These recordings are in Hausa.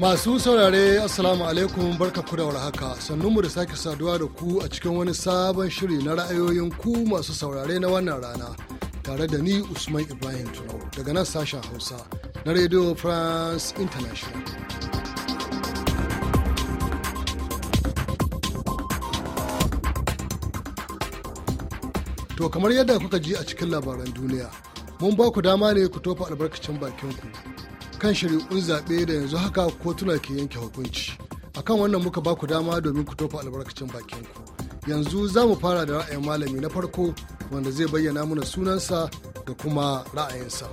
Masu saurare Assalamu alaikum barka ku haka warhaka mu da sake saduwa da ku a cikin wani sabon shiri na ra'ayoyin ku masu saurare na wannan rana tare da ni Usman Ibrahim Tunau daga nan sashen Hausa na Radio France International. To kamar yadda kuka ji a cikin labaran duniya, mun ba ku dama ne ku tofa albarkacin bakinku kan shari'un zaɓe da yanzu haka ko tuna ke yanke hukunci. a kan wannan muka ba ku dama domin ku tofa albarkacin bakinku. Yanzu za mu fara da ra'ayin malami na farko wanda zai bayyana mana sunansa da kuma ra'ayinsa.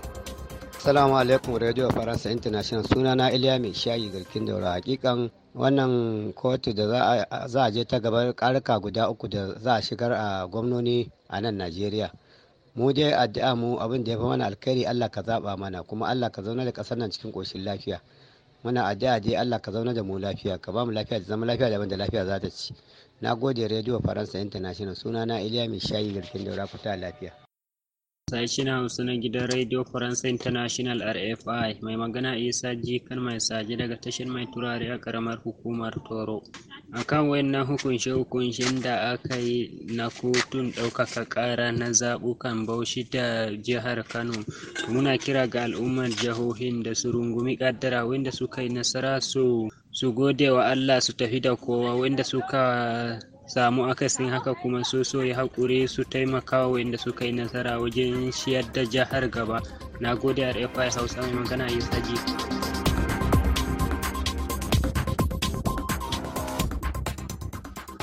Salamu alaikum Radio Faransa International suna na Iliya Mai Shayi Garkin Daura hakikan wannan kotu da za a je ta gabar karka guda uku da za a shigar a gwamnoni a nan Najeriya. Mu dai addu'a mu abin da ya fi mana alkhairi Allah ka zaba mana kuma Allah ka zauna da kasar nan cikin koshin lafiya. Muna addu'a dai Allah ka zauna da mu lafiya ka ba mu lafiya da zama lafiya da da lafiya za ta ci. Na gode Radio Faransa International suna na Iliya Mai Shayi Garkin Daura fita lafiya. na Hausa na gidan Radio Faransa International RFI mai magana Isa Jikan mai saje daga tashar mai turare a karamar hukumar Toro. Akan wayannan hukunce hukunshen da aka yi na kotun ɗaukaka ƙara na zaɓukan Baushi da jihar Kano, muna kira ga al'ummar jihohin da su rungumi ƙaddara wanda suka yi nasara su su gode wa Allah su tafi da kowa wanda suka samu akasin haka kuma su so ya haƙuri su taimaka wa inda suka yi nasara wajen shiyar da jihar gaba na gode rfi hausa mai magana yi sajiya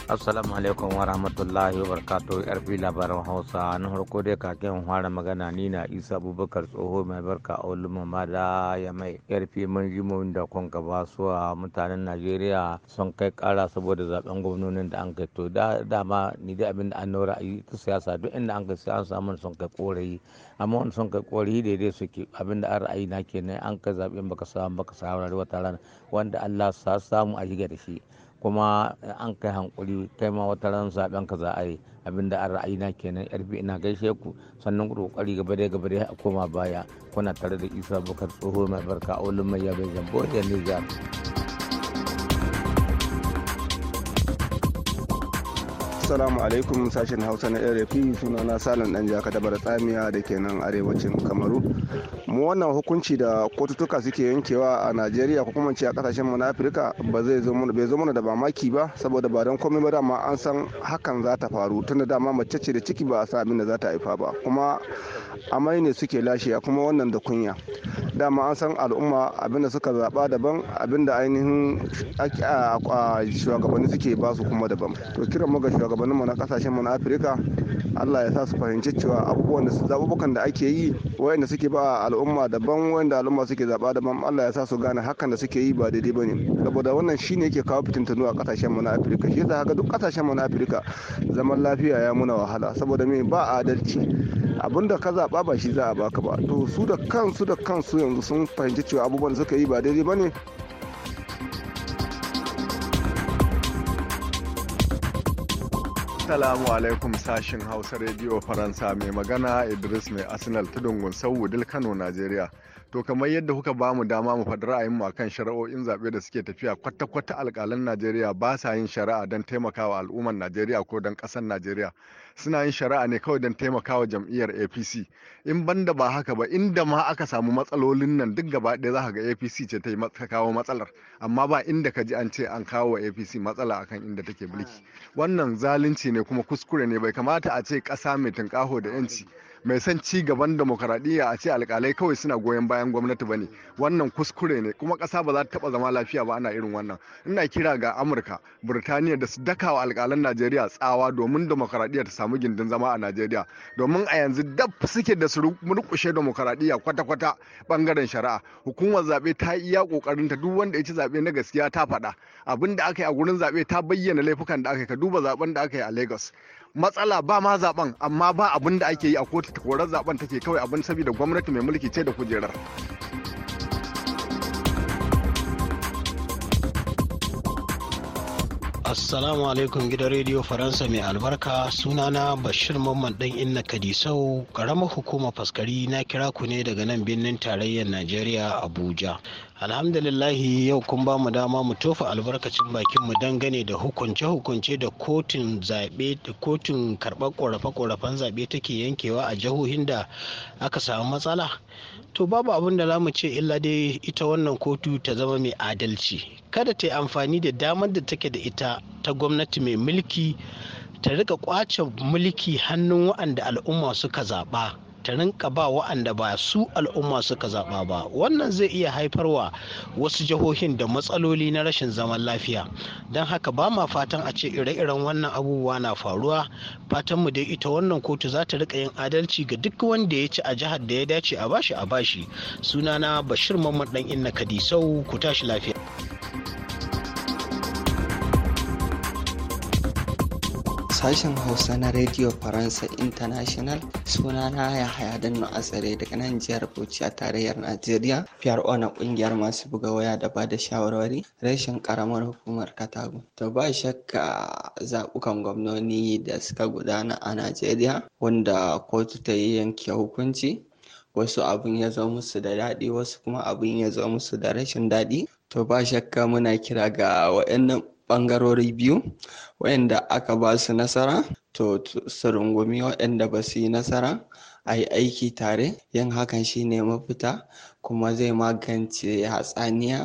assalamu alaikum wa rahmatullahi wa barakatu yarfi labaran hausa na harko dai kakin fara magana ni na isa abubakar tsoho mai barka a mama da ya mai yarfi mun ji da kun gaba su a mutanen najeriya sun kai kara saboda zaben gwamnonin da an kai to dama ni da abin da an nora a yi ta siyasa duk inda an kai siyasa mun sun kai korayi amma wani sun kai korayi daidai suke abin da an ra'ayi na kenan an kai zaben baka samu baka saurari wata rana wanda allah sa samu a shiga da shi kuma eh, an kai hankuri kai ma wata ran zaben ka za a yi abinda ra'ayi na kenan yarfi ina gaishe ku sannan kokari gaba da gaba da a koma baya kuna tare da isa bakar tsoho mai barka a mai yabe jambo da nijar Assalamu alaikum sashen Hausa na RFI suna na Salon dan jaka da tsamiya da ke nan arewacin Kamaru. Mu wannan hukunci da kotutuka suke yankewa a Najeriya ko kuma ce a kasashen mu na Afirka ba zai zo mana bai zo mana da mamaki ba saboda ba don komai ba dama an san hakan za ta faru tunda dama mace ce da ciki ba a sa abin da za ta haifa ba kuma amai ne suke lashiya kuma wannan da kunya. Dama an san al'umma abin da suka zaba daban abin da ainihin shugabanni suke ba su kuma daban. To kiran mu ga shugaban mu na kasashen mu na afirka allah ya sa su fahimci cewa abubuwan da zabubukan da ake yi wayanda suke ba al'umma daban wayanda al'umma suke zaba daban allah ya sa su gane hakan da suke yi ba daidai ba ne saboda wannan shine yake kawo fitintunu a kasashen mu na afirka shi yasa haka duk kasashen mu na afirka zaman lafiya ya muna wahala saboda me ba adalci abinda ka zaba ba shi za a baka ba to su da kansu da kansu yanzu sun fahimci cewa abubuwan da suka yi ba daidai ba Assalamu alaikum sashin Hausa Radio Faransa mai magana Idris mai Arsenal ta Dungun Wudil Kano Najeriya. To kamar yadda kuka ba mu dama mu faɗi ra'ayinmu akan shari'o'in zaɓe da suke tafiya kwata-kwata alƙalan Najeriya ba sa yin shari'a don taimakawa al'umman Najeriya ko don ƙasar Najeriya. suna yin shari'a ne kawai don taimakawa jam'iyyar apc in banda ba haka ba inda ma aka samu matsalolin nan duk gaba ɗaya za ga apc ce ta kawo matsalar amma ba inda ka ji an ce an kawo apc matsala akan inda take bulki wannan zalunci ne kuma kuskure ne bai kamata a ce ƙasa mai tunƙaho da 'yanci mai son ci gaban demokaradiyya a ce alkalai kawai suna goyon bayan gwamnati ba ne wannan kuskure ne kuma ƙasa ba za ta taɓa zama lafiya ba ana irin wannan ina kira ga amurka burtaniya da su dakawa alkalan najeriya tsawa domin demokaradiyya ta samu samu gindin zama a najeriya domin a yanzu dab suke da su murkushe demokaradiyya kwata-kwata bangaren shari'a hukumar zaɓe ta yi iya ta duk wanda ya ci zaɓe na gaskiya ta faɗa abin da aka yi a gurin zabe ta bayyana laifukan da aka yi ka duba zaben da aka yi a lagos matsala ba ma zaben amma ba abin da ake yi a kotu ta korar zaben take kawai abin saboda gwamnati mai mulki ce da kujerar Assalamu alaikum gidan rediyo Faransa mai albarka sunana Bashir Mamman dan Inna Kadisau karamar hukumar faskari na kira ku ne daga nan birnin tarayyar Najeriya Abuja. alhamdulillahi yau kun ba mu dama mu tofa albarkacin bakin mu dangane da hukunce-hukunce da kotun zaɓe da kotun karɓar ƙorafe-ƙorafen zaɓe take yankewa a jihohin da aka samu matsala to babu abin da za mu ce illa dai ita wannan kotu ta zama mai adalci kada ta yi amfani da damar da take da ita ta gwamnati mai mulki ta rika kwace mulki hannun waɗanda al'umma suka zaɓa ta rinka ba wa'anda ba su al'umma suka zaɓa ba wannan zai iya haifarwa wasu jihohin da matsaloli na rashin zaman lafiya don haka ba ma fatan a ce ire-iren wannan abubuwa na faruwa fatan mu dai ita wannan kotu za ta rika yin adalci ga duk wanda ya ci a jihar da ya dace a bashi a bashi sunana bashir mamman dan inna kadisau ku tashi lafiya Sashen Hausa na Radio Faransa International suna ya haya danno a daga nan jihar Bauchi a tarayyar Najeriya. PRO na kungiyar masu buga waya da ba da shawarwari rashin karamar hukumar Katago. To ba shakka zaɓukan gwamnoni da suka gudana a Najeriya wanda kotu ta yi yanke hukunci wasu abin ya zo musu da daɗi wasu kuma abin ya zo musu da rashin daɗi. To ba shakka muna kira ga waɗannan ɓangarori biyu waɗanda aka ba su nasara to su rungumi waɗanda ba su yi nasara a yi aiki tare yin hakan shi ne mafita kuma zai magance hatsaniya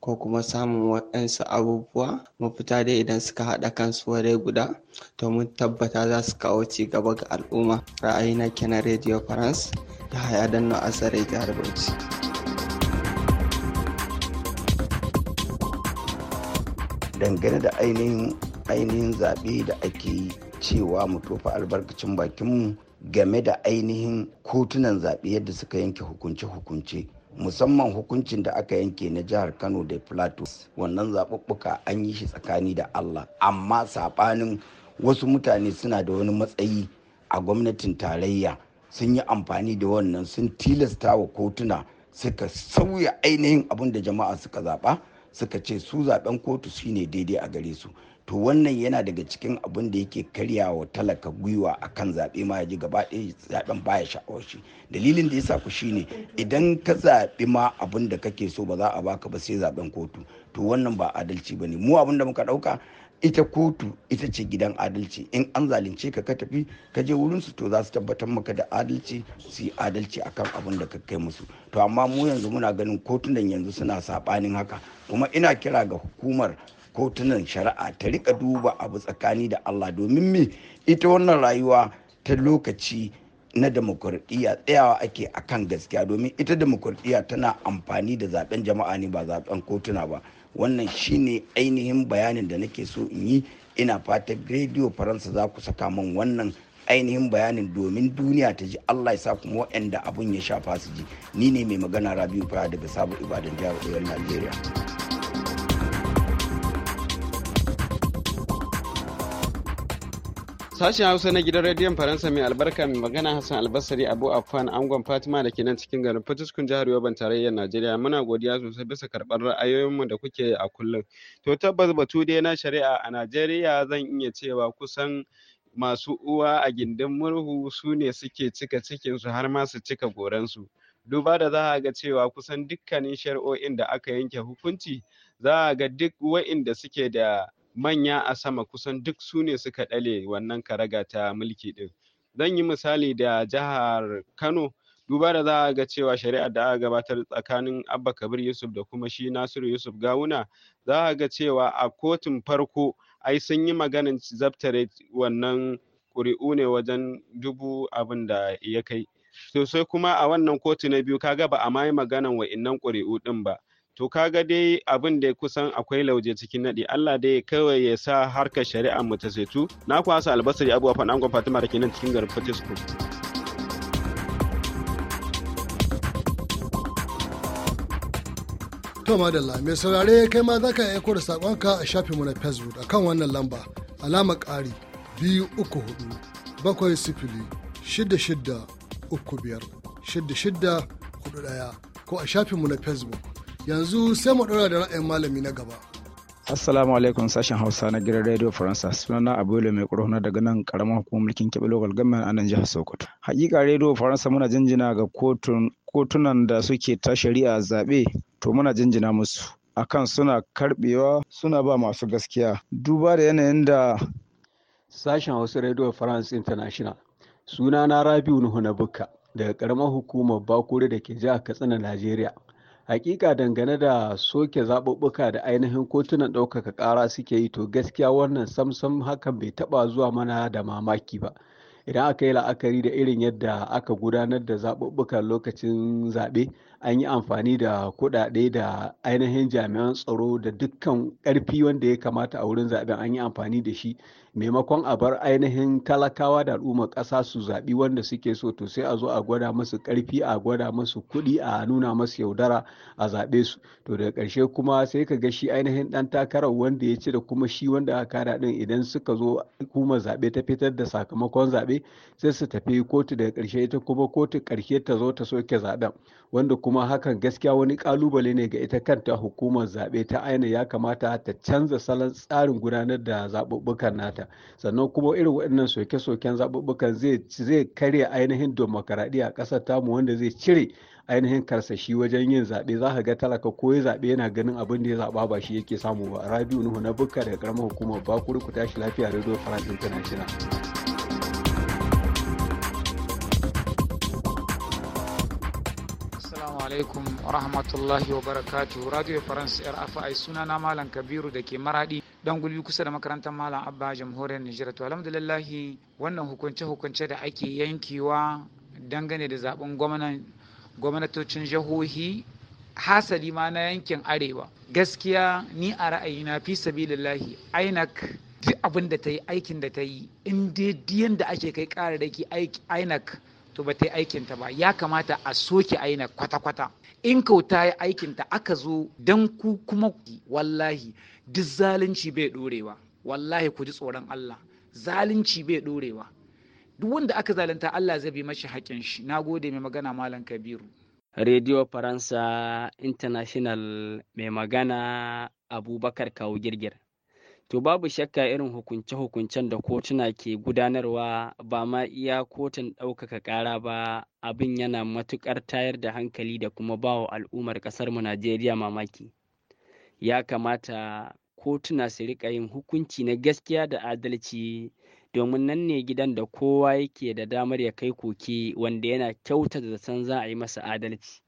ko kuma samun waɗansu abubuwa mafita dai idan suka haɗa kansu ware guda to mun tabbata za su kawo ci gaba ga al'umma ra'ayi na kenan radio france da haya Asarar a jihar bauchi dangane da ainihin zaɓe da ake cewa mu tofa albarkacin bakinmu game da ainihin kotunan zaɓe yadda suka yanke hukunce-hukunce musamman hukuncin da aka yanke na jihar kano da plateau wannan zaɓuɓɓuka an yi shi tsakani da allah amma saɓanin wasu mutane suna da wani matsayi a gwamnatin tarayya sun yi amfani da wannan sun tilasta wa kotuna suka sauya ainihin abin da jama'a suka zaɓa suka ce su zaben kotu su ne daidai a gare su to wannan yana daga cikin abin da yake wa talaka gwiwa a kan zaɓe ma yaji gaba ɗaya zaɓen baya sha'awar shi dalilin da ya sa ku ne idan ka zaɓi ma abin da kake so ba za a baka ba sai zaɓen kotu to wannan ba adalci ba ne mu abin da muka ɗauka ita kotu ita ce gidan adalci in an zalunce ka ka tafi ka je wurin su to za su tabbatar maka da adalci su yi adalci akan abin da ka kai musu to amma mu yanzu muna ganin kotunan yanzu suna saɓanin haka kuma ina kira ga hukumar kotunan shari'a ta rika duba abu tsakani da Allah domin me ita wannan rayuwa ta lokaci na demokuraɗiyya tsayawa ake akan gaskiya domin ita demokuraɗiyya tana amfani da zaben jama'a ne ba zaben kotuna ba wannan shine ainihin bayanin da nake so in yi ina fatan rediyo faransa za ku saka min wannan ainihin bayanin domin duniya ta ji allah ya sa kuma waɗanda abun ya shafa su ji ni ne mai magana rabiu fara daga sabon ibadan jihar najeriya Sashen Hausa na gidan rediyon Faransa mai albarka mai magana Hassan Albasari Abu Afan, angon Fatima da ke nan cikin garin Fatiskun jihar Yoban tarayyar Najeriya muna godiya sosai bisa karɓar ra'ayoyinmu da kuke a kullum. To tabbas batu dai na shari'a a Najeriya zan iya cewa kusan masu uwa a gindin murhu su ne suke cika cikinsu har ma su cika goransu. Duba da za a ga cewa kusan dukkanin shari'o'in da aka yanke hukunci za a ga duk wa'inda suke da manya a sama kusan duk su ne suka ɗale wannan karaga ta mulki ɗin zan yi misali da jihar kano duba da za a ga cewa shari'ar da aka gabatar tsakanin abba kabir yusuf da kuma shi nasiru yusuf gawuna za a ga cewa a kotun farko ai sun yi maganin zabtare wannan ƙuri'u ne wajen dubu abin da ya kai sosai kuma a wannan kotu na biyu kaga ba a ma yi maganan wa'innan ƙuri'u ɗin ba to kaga dai abin da kusan akwai lauje cikin nadi, Allah dai kawai ya sa harka shari'a mu ta setu na kwasa albasari abuwa fa angon Fatima da kenan cikin garin da To madalla mai saurare kai ma za ka aiko da saƙonka a shafinmu na Facebook akan wannan lamba alama ƙari biyu uku hudu bakwai sifili shida shida uku biyar shida shida hudu ɗaya ko a shafinmu na Facebook yanzu sai mu ɗora da ra'ayin malami na gaba Assalamu alaikum sashen Hausa na gidan Radio Faransa. Sunana Abule mai kurhuna daga nan karamar hukumar mulkin Kebbi Local Government a nan jihar Sokoto. Hakika Radio Faransa muna jinjina ga kotunan da suke ta shari'a zaɓe to muna jinjina musu. Akan suna karbewa suna ba masu gaskiya. Duba da yanayin da sashen Hausa Radio France International. Sunana Rabiu Nuhu Bukka daga karamar hukumar Bakure da ke jihar Katsina, Najeriya. hakika dangane da soke zaɓuɓɓuka da ainihin kotunan ɗaukaka ƙara suke yi to gaskiya wannan samsam hakan bai taɓa zuwa mana da mamaki ba idan aka yi la'akari da irin yadda aka gudanar da zaɓuɓɓukan lokacin zaɓe an yi amfani da kuɗaɗe da ainihin jami'an tsaro da dukkan ƙarfi wanda ya kamata a wurin zaben an yi amfani da shi maimakon a bar ainihin talakawa da al'ummar ƙasa su zaɓi wanda suke so to sai a zo a gwada masu ƙarfi a gwada masu kuɗi a nuna masu yaudara a zaɓe su to daga ƙarshe kuma sai ka ga shi ainihin ɗan takarar wanda ya ci da kuma shi wanda aka daɗin ɗin idan suka zo hukumar zaɓe ta fitar da sakamakon zaɓe sai su tafi kotu daga ƙarshe ita kuma kotu ƙarshe ta zo ta soke zaɓen wanda kuma hakan gaskiya wani kalubale ne ga ita kanta hukumar zaɓe ta aina ya kamata ta canza salon tsarin gudanar da zaɓuɓɓukan nata sannan kuma irin waɗannan soke-soken zaɓuɓɓukan zai karya ainihin demokaradiyya a ƙasar tamu wanda zai cire ainihin karsashi wajen yin zaɓe za ka ga talaka ko ya zaɓe yana ganin abin da ya zaɓa ba shi yake samu ba rabiu nuhu na bukka daga ƙaramar hukumar bakuri ku tashi lafiya radio faransa international alaikum rahmatullahi wa barakatu. Radio France RFI suna na Malam Kabiru da ke maradi dan gulbi kusa da makarantar Malam Abba jamhuriyar Nijar. To alhamdulillah wannan hukunce-hukunce da ake yankewa dangane da zaben gwamnatocin jihohi hasali ma na yankin arewa gaskiya ni a ra'ayina fi sabilillahi ainak duk abin da ta yi aikin da ta yi in dai da ake kai ƙararraki ainak to ba ta yi aikinta ba ya kamata a soke aina kwata-kwata in kauta ya aikinta aka zo don ku kuma wallahi duk zalunci bai ɗorewa wallahi ku ji tsoron Allah zalunci bai ɗorewa duk wanda aka zalunta Allah zai bi mashi haƙin shi na gode mai magana malam kabiru Radio Faransa International mai magana Abubakar Kawu Girgir. to babu shakka irin hukunce-hukuncen da kotuna ke gudanarwa ba ma iya kotun ɗaukaka ƙara ba abin yana matuƙar tayar da hankali da kuma ba wa al'ummar ƙasarmu najeriya mamaki ya kamata kotuna su riƙa yin hukunci na gaskiya da adalci domin nan ne gidan da kowa yake da damar ya kai koke wanda yana kyauta da san za a yi masa adalci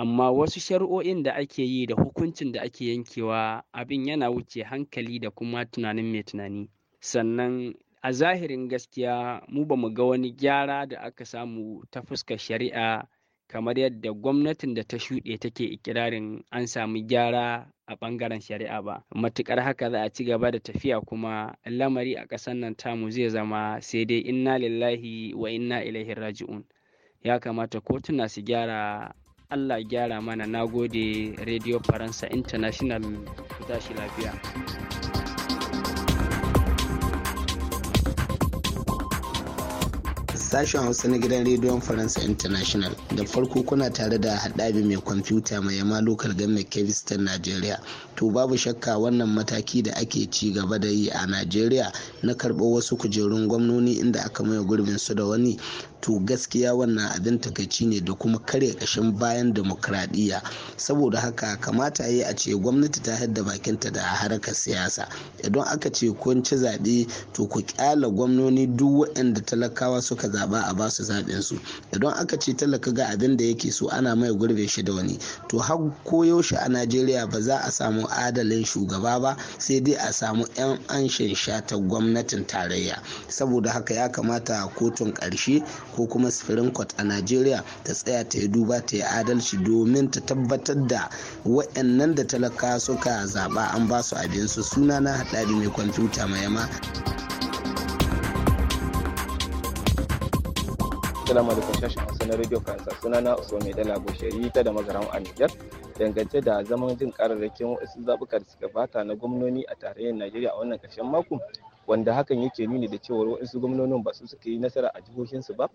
amma wasu shari'o'in da ake yi da hukuncin da ake yankewa abin yana wuce hankali da kuma tunanin mai tunani sannan a zahirin gaskiya mu ba mu ga wani gyara da aka samu ta fuskar shari'a kamar yadda gwamnatin da ta shuɗe take ikirarin an samu gyara a ɓangaren shari'a ba matuƙar haka za a ci gaba da tafiya kuma lamari a ƙasar nan tamu zai zama sai dai inna lillahi wa inna ilaihi raji'un ya kamata kotuna su gyara Allah gyara mana na gode Radio Faransa International ku tashi lafiya. sashen hausa na gidan rediyon faransa international da farko kuna tare da haɗabi mai kwamfuta mai yama lokal gamme kevistan najeriya to babu shakka wannan mataki da ake ci gaba da yi a najeriya na karɓo wasu kujerun gwamnoni inda aka maye gurbin su da wani to gaskiya wannan abin takaici ne da kuma karya kashin bayan demokradiyya saboda haka kamata yi a ce gwamnati ta hadda bakinta da harkar siyasa idan aka ce kun ci zaɓe to ku kyala gwamnoni duk waɗanda talakawa suka zaɓa a ba su zaɓen su idan aka ce talaka ga abin da yake so ana mai gurbe shi da wani to har koyaushe a najeriya ba za a samu adalin shugaba ba sai dai a samu 'yan an shansha ta gwamnatin tarayya saboda haka ya kamata kotun ƙarshe ko kuma sifirin court a najeriya ta tsaya ta yi duba ta yi adalci domin ta tabbatar da waɗannan da talaka suka zaba an ba su abinsu suna na haɗari mai kwamfuta mai yama. Salamu alaikum shashin Hausa na Radio kansa suna na Uso Mai Dala Bushari ta da mazaran a Niger dangance da zaman jin kararrakin wasu zabuka da suka bata na gwamnoni a tarayyar Najeriya a wannan karshen mako wanda hakan yake nuni da cewa waɗansu gwamnonin ba su suka yi nasara a jihohinsu ba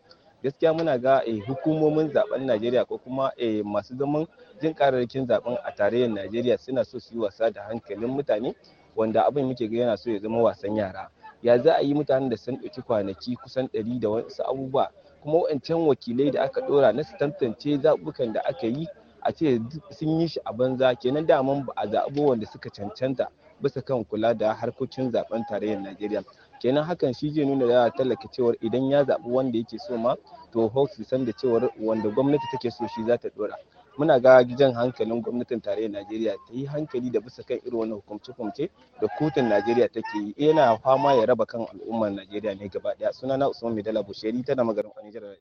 gaskiya muna ga eh, hukumomin zaben najeriya ko kuma eh, masu zaman jin kararrakin zaben a tarayyar najeriya suna so su yi wasa da hankalin mutane wanda abin muke ga yana so ya zama wasan yara ya za a yi mutanen da sun ɗauki kwanaki kusan ɗari da wasu abubuwa kuma wa'ancan wakilai da aka ɗora na su tantance zaɓukan da aka yi a ce sun yi shi a banza kenan daman ba a zaɓo wanda suka cancanta bisa kan kula da harkokin zaben tarayyar Najeriya. Kenan hakan shi zai nuna da talaka cewar idan ya zaɓi wanda yake so ma to Hawks san da cewar wanda gwamnati take so shi za ta dora. Muna ga gidan hankalin gwamnatin tarayyar Najeriya ta yi hankali da bisa kan irin wannan hukumce-hukumce da kotun Najeriya take yi yana fama ya raba kan al'ummar Najeriya ne gaba Suna Sunana Usman Medala Bushiri tana magarin Kwanijar.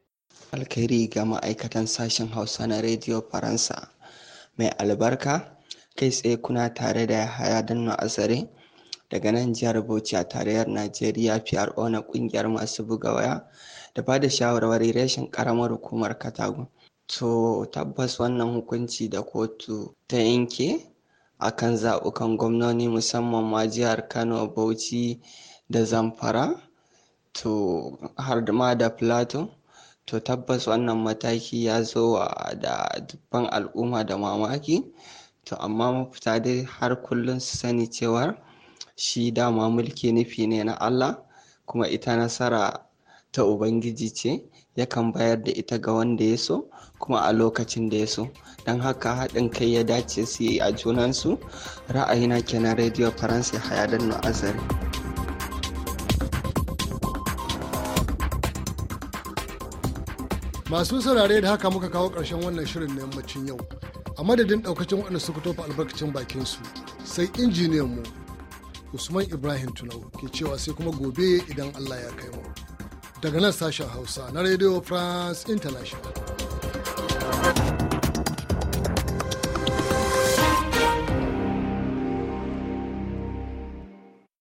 Alkhairi ga ma'aikatan sashen Hausa na Radio Faransa. Mai albarka kai tsaye kuna tare da Yahaya Danno asare daga nan jihar Bauchi a tarayyar Najeriya PRO na kungiyar masu buga waya da ba da shawarwari reshen karamar hukumar katako. To tabbas wannan hukunci da kotu ta yanke a kan zaɓukan gwamnoni musamman ma jihar Kano, Bauchi da Zamfara to har ma da Plateau to tabbas wannan mataki ya zo da dubban al'umma da mamaki to amma mafita dai har kullum su sani cewar shi dama mulki nufi ne na Allah kuma ita nasara ta Ubangiji ce yakan bayar da ita ga wanda ya so kuma a lokacin da ya so don haka haɗin kai ya dace su yi a junansu ra'ayina kenan rediyo faransa hayadar azari. masu saurare da haka muka kawo ƙarshen wannan shirin na yammacin yau a madadin daukacin waɗanda suka tofa albarkacin bakin su sai injiniyan mu usman ibrahim tunau ke cewa sai kuma gobe idan allah ya kai mu daga nan sashen hausa na radio france international